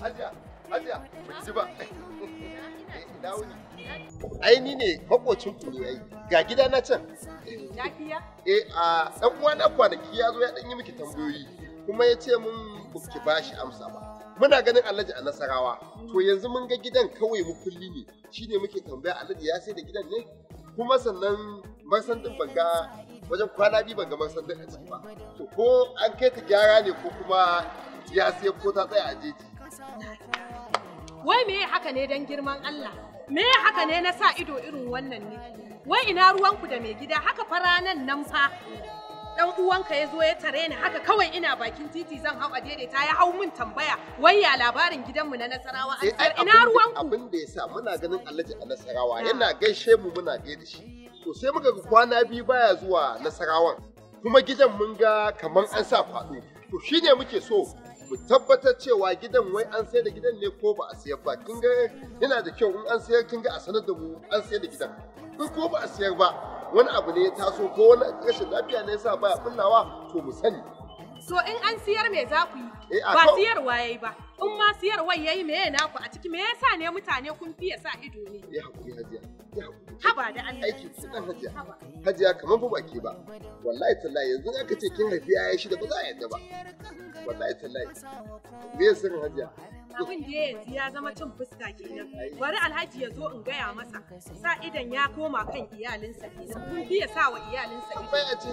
hajiya hajiya hajiya ba ci ba ai ni ne makocin ku ga gida na can lafiya eh a ɗan uwa kwanaki ya zo ya ɗan yi miki tambayoyi kuma ya ce mun ki bashi amsa ba muna ganin alhaji a nasarawa to yanzu mun ga gidan kawai mukulli ne ne muke tambaya alhaji ya sai da gidan ne kuma sannan marsan din wajen kwana biyu banga ga marsan a ciki ba to ko an kai ta gyara ne ko kuma ya sai ko ta a jeji wai me haka ne don girman Allah me haka ne na sa ido irin wannan ne wai ina ruwanku da mai gida haka faranan nan fa dan uwanka ya zo ya tare ni haka kawai ina bakin titi zan hau a daidaita ya hau min tambaya wai ya labarin gidanmu na Nasarawa eh, an ina ruwanku abin da yasa muna ganin Alhaji a Nasarawa ah. yana gaishe mu muna gaida shi to sai muka ga kwana biyu baya zuwa Nasarawan kuma gidan mun ga kaman an sa faɗo to shine muke so mu tabbatar cewa gidan wai an sayar da gidan ne ko ba a sayar ba kin ga yana da kyau in an sayar kin ga a sanar da mu an sayar da gidan in ko ba a sayar ba wani abu ne ya taso ko wani rashin lafiya ne yasa baya kullawa to mu sani so in an siyar me za ku yi eh, ba siyarwa yayi ba in ma wai yayi meye naku a ciki me yasa ne mutane kun fiye sa ido ne ya hakuri hajiya ya hakuri haba da Allah aiki sunan hajiya hajiya kamar ba baki ba wallahi tallahi yanzu aka ce kin haifi yaya shida ba za a yadda ba wallahi tallahi me yasa hajiya abin da yanzu ya zama cin fuska kenan bari alhaji ya zo in gaya masa sa idan ya koma kan iyalinsa kenan kun fiye sa wa iyalinsa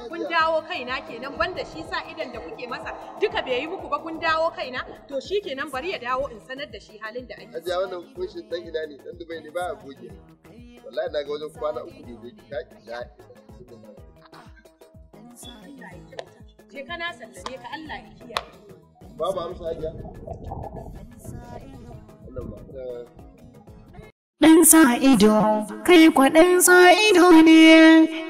kun dawo kaina kenan banda shi sa idan da kuke masa duka bai yi muku ba kun dawo kaina to shi kenan ba bari ya dawo in sanar da shi halin da ake ajiya wannan kushin dan ina ne dan dubai ne ba a goge wallahi na ga wajen kwana uku ne bai ta ina je kana sallame ka Allah ya kiyaye babu amsa hajiya wannan ba eh. Ɗan sa ido, kai kwa ɗan sa ido ne,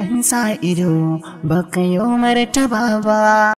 ɗan sa ido, baka ka yi martaba ba.